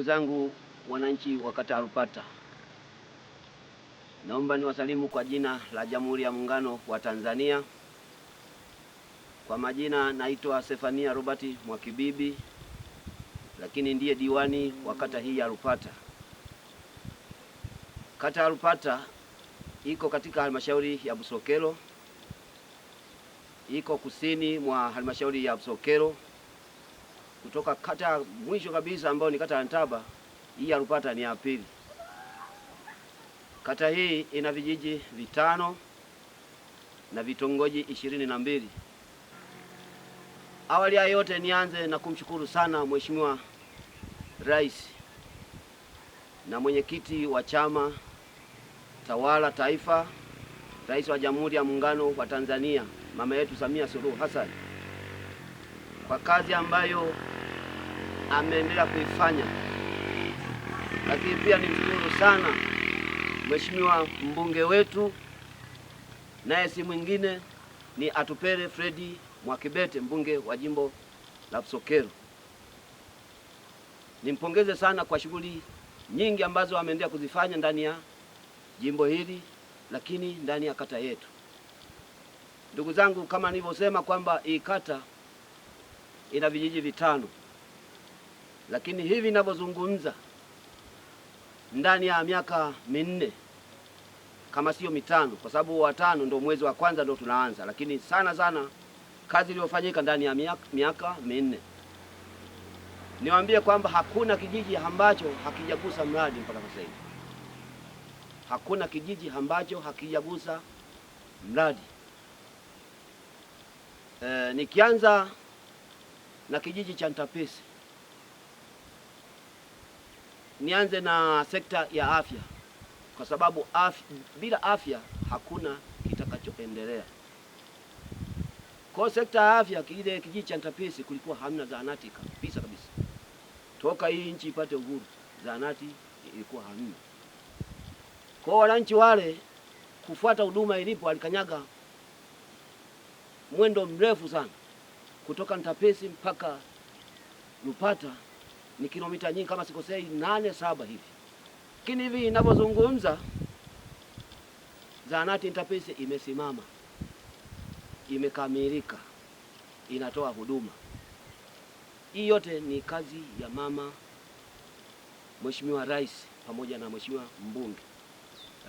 Ndugu zangu wananchi wa kata Rupata, naomba niwasalimu kwa jina la Jamhuri ya Muungano wa Tanzania. Kwa majina naitwa Sefania Robert Mwakibibi, lakini ndiye diwani wa kata hii ya Rupata. Kata ya Rupata iko katika halmashauri ya Busokelo, iko kusini mwa halmashauri ya Busokelo kutoka kata mwisho kabisa ambayo ni kata ya Ntaba. Hii Arupata ni ya pili. Kata hii ina vijiji vitano na vitongoji ishirini na mbili. Awali ya yote nianze na kumshukuru sana Mheshimiwa Rais na mwenyekiti wa chama tawala taifa, Rais wa Jamhuri ya Muungano wa Tanzania, mama yetu Samia Suluhu Hassan kwa kazi ambayo ameendelea kuifanya. Lakini pia nimshukuru sana mheshimiwa mbunge wetu, naye si mwingine ni Atupele Fredi Mwakibete, mbunge wa jimbo la msokero Nimpongeze sana kwa shughuli nyingi ambazo ameendelea kuzifanya ndani ya jimbo hili, lakini ndani ya kata yetu. Ndugu zangu, kama nilivyosema kwamba hii kata ina vijiji vitano lakini hivi ninavyozungumza, ndani ya miaka minne kama sio mitano, kwa sababu watano ndio mwezi wa kwanza ndio tunaanza, lakini sana sana kazi iliyofanyika ndani ya miaka, miaka minne, niwaambie kwamba hakuna kijiji ambacho hakijagusa mradi mpaka sasa hivi. Hakuna kijiji ambacho hakijagusa mradi. E, nikianza na kijiji cha Ntapesi nianze na sekta ya afya, kwa sababu afya, bila afya hakuna kitakachoendelea. Kwa sekta ya afya, kile kijiji cha Ntapisi kulikuwa hamna zahanati kabisa kabisa, toka hii nchi ipate uhuru zahanati ilikuwa hamna. Kwa wananchi wale kufuata huduma ilipo, alikanyaga mwendo mrefu sana kutoka Ntapisi mpaka Lupata ni kilomita nyingi kama sikosei nane saba hivi, lakini hivi inavyozungumza zahanati ntapisi imesimama, imekamilika, inatoa huduma. Hii yote ni kazi ya mama Mheshimiwa Rais pamoja na Mheshimiwa mbunge.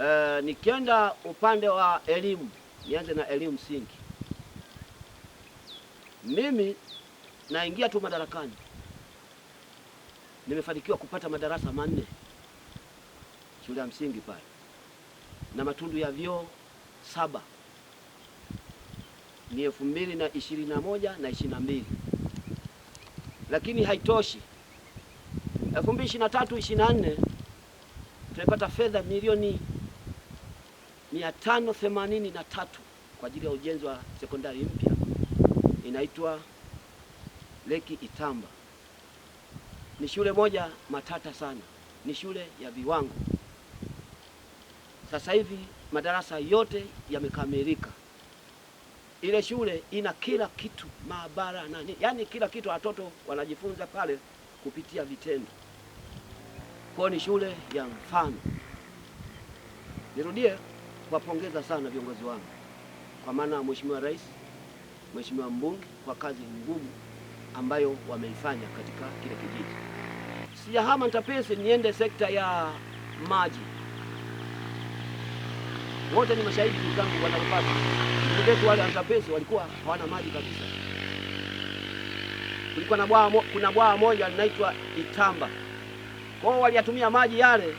E, nikienda upande wa elimu, nianze na elimu msingi. Mimi naingia tu madarakani nimefanikiwa kupata madarasa manne shule ya msingi pale na matundu ya vyoo saba ni elfu mbili na ishirini na moja na ishirini na mbili lakini haitoshi. elfu mbili ishirini na tatu ishirini na nne tumepata fedha milioni mia tano themanini na tatu kwa ajili ya ujenzi wa sekondari mpya inaitwa Leki Itamba. Ni shule moja matata sana, ni shule ya viwango. Sasa hivi madarasa yote yamekamilika. Ile shule ina kila kitu, maabara na nini, yaani kila kitu. Watoto wanajifunza pale kupitia vitendo, kwa ni shule ya mfano. Nirudie kuwapongeza sana viongozi wangu, kwa maana Mheshimiwa Rais, Mheshimiwa Mbunge, kwa kazi ngumu ambayo wameifanya katika kile kijiji sijahama Ntapesi niende sekta ya maji. Wote ni mashahidi tangu wanapata ndugu wale wa walikuwa hawana maji kabisa. Kulikuwa na bwawa, kuna bwawa moja linaitwa Itamba. Kwao waliyatumia maji yale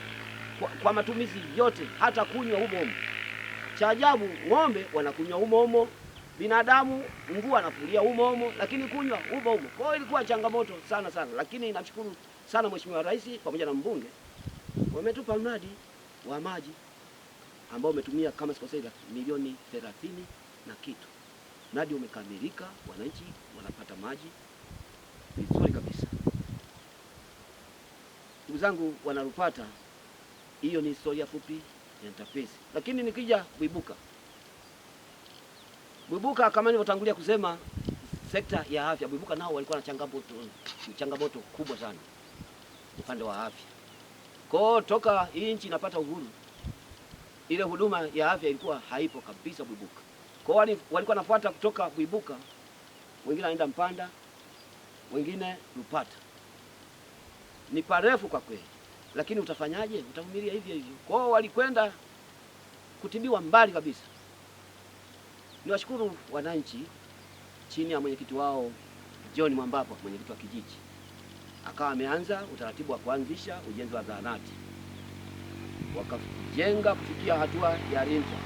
kwa, kwa matumizi yote, hata kunywa humo humo. Cha ajabu, ng'ombe wanakunywa humo humo, binadamu mvua anafulia humo humo, lakini kunywa humo humo. Kwao ilikuwa changamoto sana sana, lakini namshukuru sana Mheshimiwa Rais pamoja na mbunge wametupa mradi wa maji ambao umetumia kama sikosea milioni thelathini na kitu. Mradi umekamilika, wananchi wanapata maji vizuri kabisa. Ndugu zangu wanarupata, hiyo ni historia fupi ya Ntapesi, lakini nikija Buibuka, Buibuka kama nilivyotangulia kusema, sekta ya afya Buibuka nao walikuwa na changamoto changamoto kubwa sana upande wa afya. Kwa hiyo toka hii nchi inapata uhuru, ile huduma ya afya ilikuwa haipo kabisa Buibuka. Kwa hiyo walikuwa wanafuata kutoka Buibuka, wengine wanaenda Mpanda, wengine Lupata. Ni parefu kwa kweli, lakini utafanyaje? Utavumilia hivyo hivyo. Kwa hiyo walikwenda kutibiwa mbali kabisa. Niwashukuru wananchi chini ya mwenyekiti wao John Mwambapa, mwenyekiti wa kijiji akawa ameanza utaratibu wa kuanzisha ujenzi wa zahanati, wakajenga kufikia hatua ya rinta.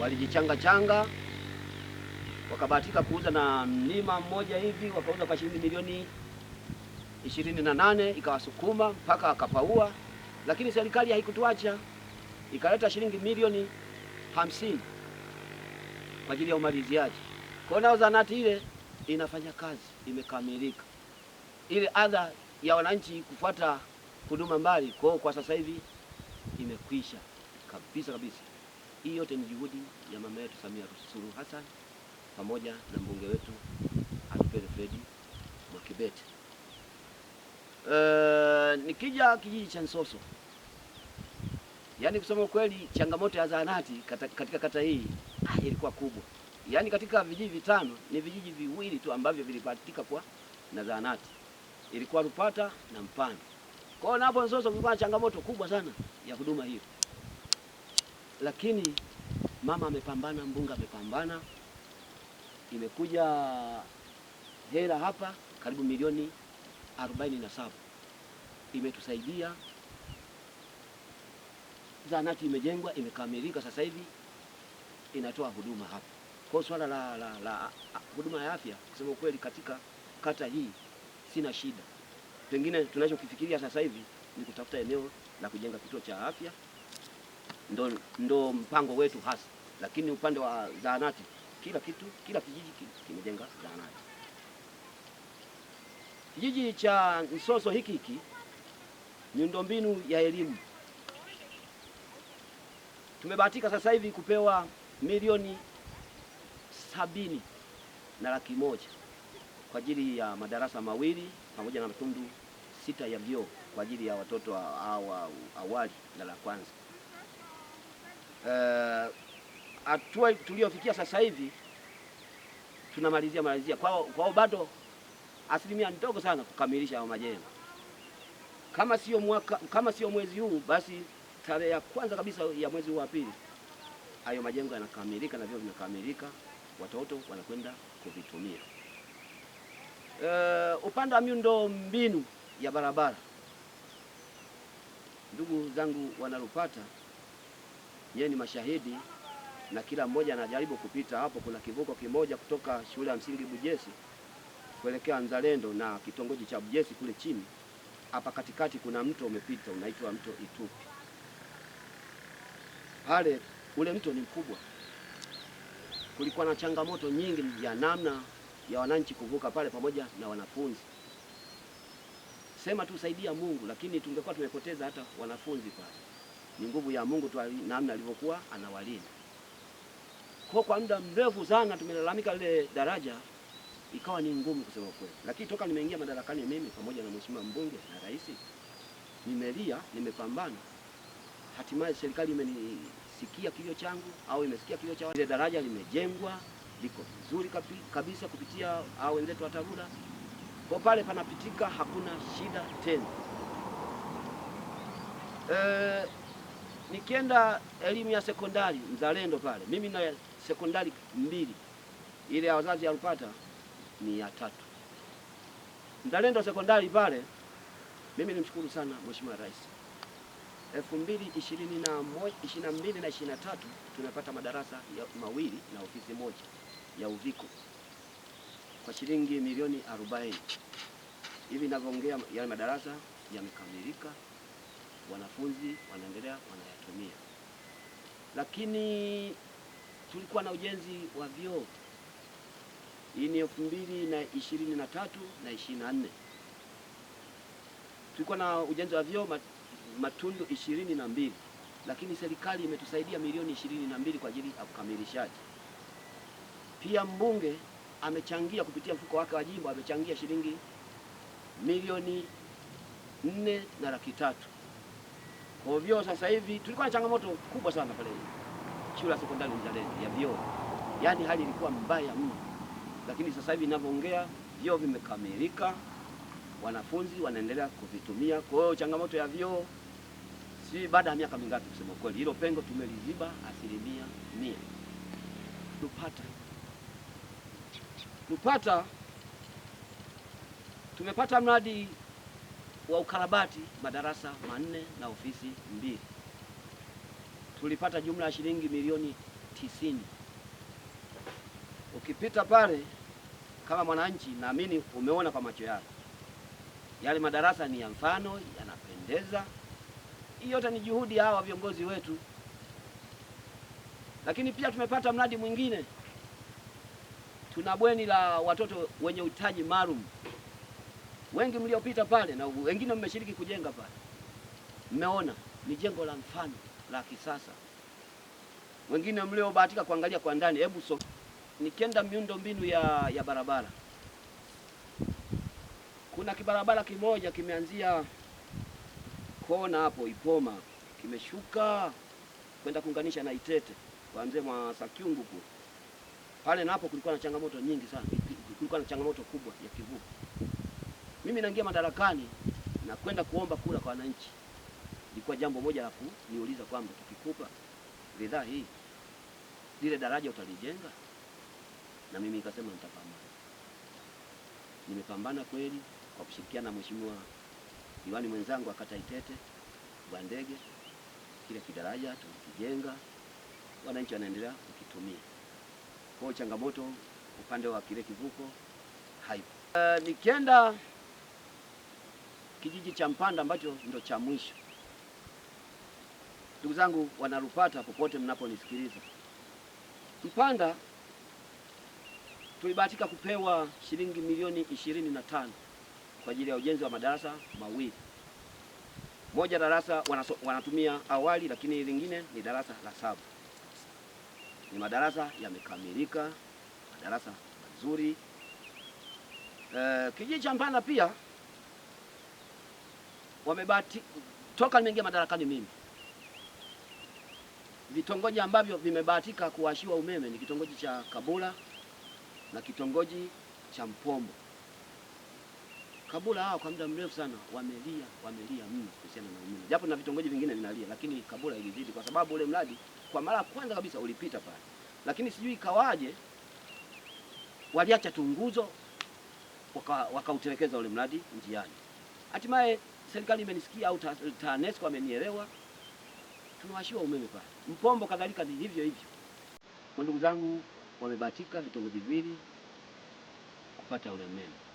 Walijichanga changa wakabahatika kuuza na mlima mmoja hivi, wakauza kwa shilingi milioni ishirini na nane ikawasukuma mpaka akapaua, lakini serikali haikutuacha ikaleta shilingi milioni hamsini kwa ajili ya umaliziaji. Kwa nao zahanati ile inafanya kazi, imekamilika ile adha ya wananchi kufuata huduma mbali kwao kwa sasa hivi imekwisha kabisa kabisa. Hii yote ni juhudi ya mama yetu Samia Suluhu Hassan pamoja na mbunge wetu Alfred Fredi Mwakibete. Uh, nikija kijiji cha Nsoso, yaani kusema kweli changamoto ya zahanati katika kata hii ah, ilikuwa kubwa. Yaani katika vijiji vitano ni vijiji viwili tu ambavyo vilipatika kwa na zahanati ilikuwa Lupata na Mpanda. Kwa hiyo napo Nzozo kulikuwa na changamoto kubwa sana ya huduma hiyo, lakini mama amepambana, mbunga amepambana, imekuja hela hapa karibu milioni arobaini na saba imetusaidia zahanati imejengwa, imekamilika, sasa hivi inatoa huduma hapa. Kwa swala la, la, la huduma ya afya kusema ukweli, katika kata hii sina shida. Pengine tunachokifikiria sasa hivi ni kutafuta eneo la kujenga kituo cha afya, ndo, ndo mpango wetu hasa, lakini upande wa zahanati, kila kitu, kila kijiji kimejenga zahanati. Kijiji cha Nsoso hiki hiki, miundombinu ya elimu tumebahatika sasa hivi kupewa milioni sabini na laki moja kwa ajili ya madarasa mawili pamoja na matundu sita ya vyoo kwa ajili ya watoto hawa awali na la kwanza. Eh, hatua uh, tuliofikia sasa hivi tunamalizia malizia kwao, kwao bado asilimia ndogo sana kukamilisha hayo majengo. Kama sio mwaka, kama sio mwezi huu, basi tarehe ya kwanza kabisa ya mwezi huu wa pili hayo majengo yanakamilika na vyoo vinakamilika, watoto wanakwenda kuvitumia. Uh, upande wa miundo mbinu ya barabara, ndugu zangu wanalupata yeye ni mashahidi na kila mmoja anajaribu kupita hapo. Kuna kivuko kimoja kutoka shule ya msingi Bujesi kuelekea Nzalendo na kitongoji cha Bujesi kule chini. Hapa katikati kuna mto umepita unaitwa mto Itupi. Pale ule mto ni mkubwa, kulikuwa na changamoto nyingi ya namna ya wananchi kuvuka pale pamoja na wanafunzi. Sema saidia Mungu, lakini tungekuwa tumepoteza hata wanafunzi pale. Ni nguvu ya Mungu tu namna alivyokuwa anawalinda. Kwa kwa muda mrefu sana tumelalamika lile daraja ikawa ni ngumu kusema kweli, lakini toka nimeingia madarakani mimi pamoja na mheshimiwa mbunge na rais, nimelia, nimepambana, hatimaye serikali imenisikia kilio changu au imesikia kilio cha ile daraja limejengwa liko vizuri kabisa kupitia hao wenzetu wa TARURA kwa pale panapitika, hakuna shida tena. E, nikienda elimu ya sekondari Mzalendo pale, mimi na sekondari mbili, ile ya wazazi ya ni ya tatu. Mzalendo sekondari pale, mimi nimshukuru sana Mheshimiwa Rais 2022 na 23 tunapata madarasa ya mawili na ofisi moja ya Uviko kwa shilingi milioni 40. Hivi ninavyoongea yale madarasa yamekamilika, wanafunzi wanaendelea wanayatumia, lakini tulikuwa na ujenzi wa vyoo. Hii ni elfu mbili na ishirini na tatu na ishirini na nne tulikuwa na ujenzi wa vyoo matundu ishirini na mbili lakini serikali imetusaidia milioni ishirini na mbili kwa ajili ya ukamilishaji. Pia mbunge amechangia kupitia mfuko wake wa jimbo amechangia shilingi milioni nne na laki tatu. Kwa vyoo sasa hivi tulikuwa na changamoto kubwa sana pale shule ya sekondari Mzalendo ya vyoo, yaani hali ilikuwa mbaya mno, lakini sasa hivi ninavyoongea vyoo vimekamilika wanafunzi wanaendelea kuvitumia. Kwa hiyo changamoto ya vyoo si baada ya miaka mingapi, kusema kweli, hilo pengo tumeliziba asilimia mia. Lupata Lupata tumepata mradi wa ukarabati madarasa manne na ofisi mbili, tulipata jumla ya shilingi milioni tisini. Ukipita pale kama mwananchi, naamini umeona kwa macho yako yale madarasa ni ya mfano, yanapendeza. Hii yote ni juhudi hawa viongozi wetu, lakini pia tumepata mradi mwingine. Tuna bweni la watoto wenye uhitaji maalum, wengi mliopita pale na wengine mmeshiriki kujenga pale, mmeona ni jengo la mfano la kisasa. Wengine mliobahatika kuangalia kwa ndani, hebu so nikienda miundo mbinu ya, ya barabara kuna kibarabara kimoja kimeanzia kona hapo Ipoma, kimeshuka kwenda kuunganisha na Itete mzee mwa Sakyungu pale, na hapo kulikuwa na changamoto nyingi sana, kulikuwa na changamoto kubwa ya kivuko. Mimi naingia madarakani na kwenda kuomba kura kwa wananchi, ilikuwa jambo moja la kuniuliza kwamba tukikupa ridhaa hii, lile daraja utalijenga? Na mimi nikasema nitapambana. Nimepambana kweli kwa kushirikiana na mheshimiwa diwani mwenzangu akata Itete wa ndege, kile kidaraja tukijenga, wananchi wanaendelea kukitumia. Kwa changamoto upande wa kile kivuko haipo. Uh, nikienda kijiji cha Mpanda ambacho ndo cha mwisho, ndugu zangu wanarupata, popote mnaponisikiliza, Mpanda tulibahatika kupewa shilingi milioni ishirini na tano kwa ajili ya ujenzi wa madarasa mawili. Moja darasa wanaso, wanatumia awali, lakini lingine ni darasa la saba. Ni madarasa yamekamilika, madarasa mazuri. E, kijiji cha Mpanda pia wamebati, toka nimeingia madarakani mimi, vitongoji ambavyo vimebahatika kuwashiwa umeme ni kitongoji cha Kabula na kitongoji cha Mpombo. Kabula hao kwa muda mrefu sana wamelia, wamelia mno kuhusiana na umeme. Japo na vitongoji vingine vinalia, lakini Kabula ilizidi kwa sababu ule mradi kwa mara ya kwanza kabisa ulipita pale. Lakini sijui ikawaje waliacha tunguzo wakautelekeza waka ule mradi njiani. Hatimaye serikali imenisikia au TANESCO amenielewa. Tunawashiwa umeme pale. Mpombo kadhalika ni hivyo hivyo. Ndugu zangu wamebahatika vitongoji viwili kupata ule umeme.